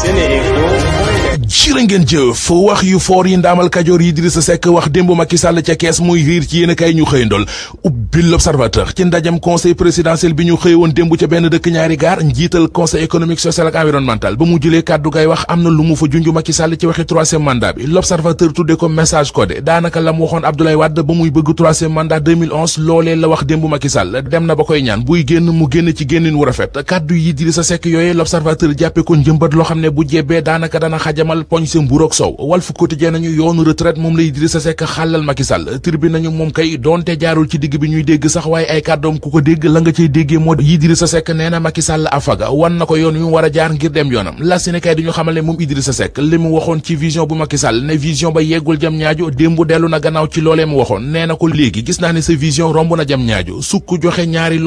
seneinfo.com jërë ngeen jëf wax yu foor yi ndaamal kajoor yi Idrissa Seck wax démb Macky Sall ca kees muy riir ci yéen a kay ñu xëyandool ubbi l'observateur ci ndajam conseil présidentiel bi ñu xëywoon démb ca benn dëkk ñaari gaar njiital conseil économique social ak environnemental ba mu jëlee kàddu gay wax am na lu mu fa junj Macky Sall ci waxi troisième mandat bi l'observateur tuddee ko message codé daanaka la mu waxoon Abdoulaye Wade ba muy bëgg troisième mandat rafet kàddu yi Idrissa Seck yooyee l'observateur jàppe ko njëmbat xalal poñ sa mburoog sow Walf Quotidien nañu yoonu retraite moom la Idrissa Seck xàllal Macky Sall tribune nañu moom kay donte jaarul ci digg bi ñuy dégg sax waaye nee na Macky Sall afaga wan na ko yoon wi war a jaar ngir dem yoonam la si ne kay xamal ne moom Idrissa Seck li mu waxoon ci vision bu Macky Sall ne vision ba yeggul jam ñaajo démb dellu na gannaaw ci loolee waxoon nee na ko léegi gis naa ne sa vision romb na jam ñaajo sukk joxe ñaari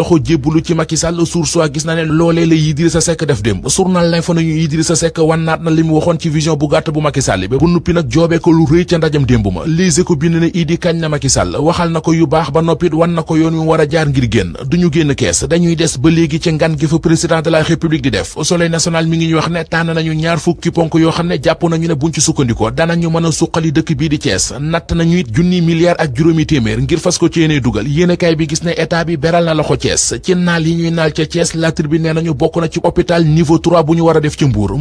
bu nuppi nag joobee ko lu rëy ca ndajam démb ma lise ko bind ne idi kañ na Macky waxal na ko yu baax ba noppit wan ko yoon wi war a jaar ngir génn duñu génn kees dañuy des ba léegi ci ngan gi fa président de la république di def Soleil national mi ngi ñuy wax ne tànn nañu ñaar fukki ponk yoo xam ne jàpp nañu ne buñ ci sukkandikoo danañu mën a suqali dëkk bii di Thiès natt nañu junni milliards ak juróomi téeméer ngir fas ko ci yéene dugal yéenekaay a def ci Mbour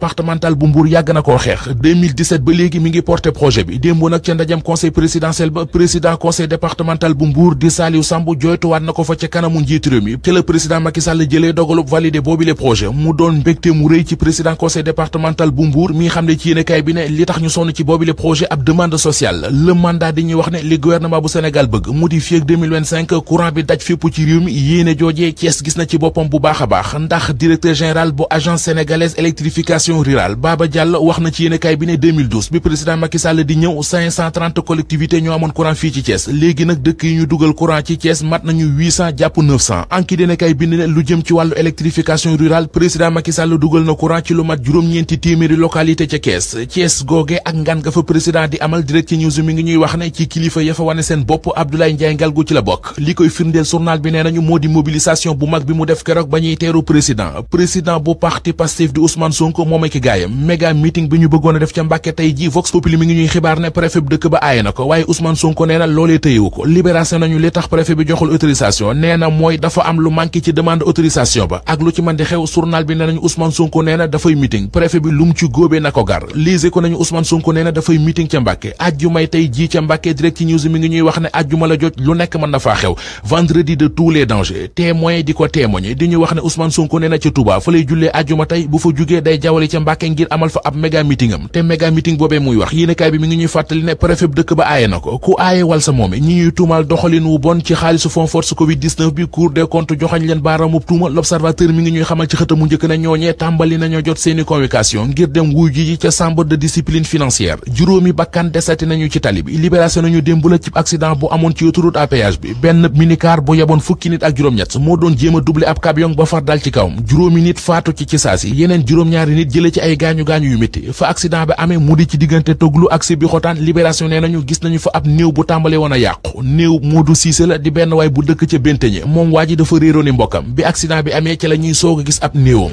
départemental bu Mbour yàgg na koo xeex 2017 ba léegi mi ngi porté projet bi démb nag ca ndajam conseil présidentiel ba président conseil départemental bu Mbour di Saliou Sambou jooytuwaat na ko fa ca kanamu njiitu réew mi ca président Macky Sall jëlee dogalub validé boobi le projet mu doon mbégte rëy ci président conseil départemental bu Mbour mi xam ne ci yéenekaay bi ne li tax ñu sonn ci boobi le projet ab demande sociale le mandat di bëgg mu di fii ak 2025 courant bi daj fépp ci gis na boppam bu baax a baax ndax directeur général bu agence sénégalaise électrification administration rurale wax na ci yéenekaay bi ne bi président Macky Sall di ñëw 530 ñoo amoon courant fii ci Thiès léegi nag dëkk yi ñu dugal courant ci Thiès mat nañu jàpp anki yéenekaay bi ne lu jëm ci wàllu électrification rurale président Macky Sall dugal na courant ci lu mat juróom-ñeenti téeméeri localité ca Thiès Thiès googe ak ngan ga fa président di amal direct ci news mi ngi ñuy wax ne ci kilifa ya fa wane seen bopp Abdoulaye Ndiaye Ngalgou ci la moom ak bi ñu bëggoon a def ca Mbàkke tey ji Vox ngi ñuy xibaar ne préfet bi dëkk ba aaye na ko waaye Ousmane Sonko nee ca Mbàkke fa lay jullee ajjuma tey bu fa jugee day jawale ca Mbàkke ngir amal fa ab méga am te méga meeting boobee muy wax yéenekaay bi mi ngi ñuy fàttali ne préfet bu dëkk ba aaye na ko ku aaye wal sa moome ñi ñuy tuumaal doxalin wu bon ci xaalisu fond force covid 19 bi cour des comptes joxañ leen baaraamub tuuma l'observateur mi ngi ñuy xamal ci xëta mu njëkk na ñooñee tàmbali nañoo jot seeni convocation ngir dem wuy ji ji ca chambre de discipline financière juróomi bakkan desati nañu ci tali bi libération nañu démb la ci accident bu amoon benn minicar bu yeboon fukki nit ak juróom-ñett moo doon jéem a doubler ab camion ba far dal ci kawam juróomi jëlee ci ay gaañu gaañu yu métti fa accident bi amee mu di ci diggante Toglu ak Sébikotane libération nee nañu gis nañu fa ab néew bu tàmbale woon a yàqu néew Modou Cissé la di benn waay bu dëkk ca Benteñe moom waa ji dafa réeroon i mbokkam bi accident bi amee ci la ñuy soog a gis ab néewam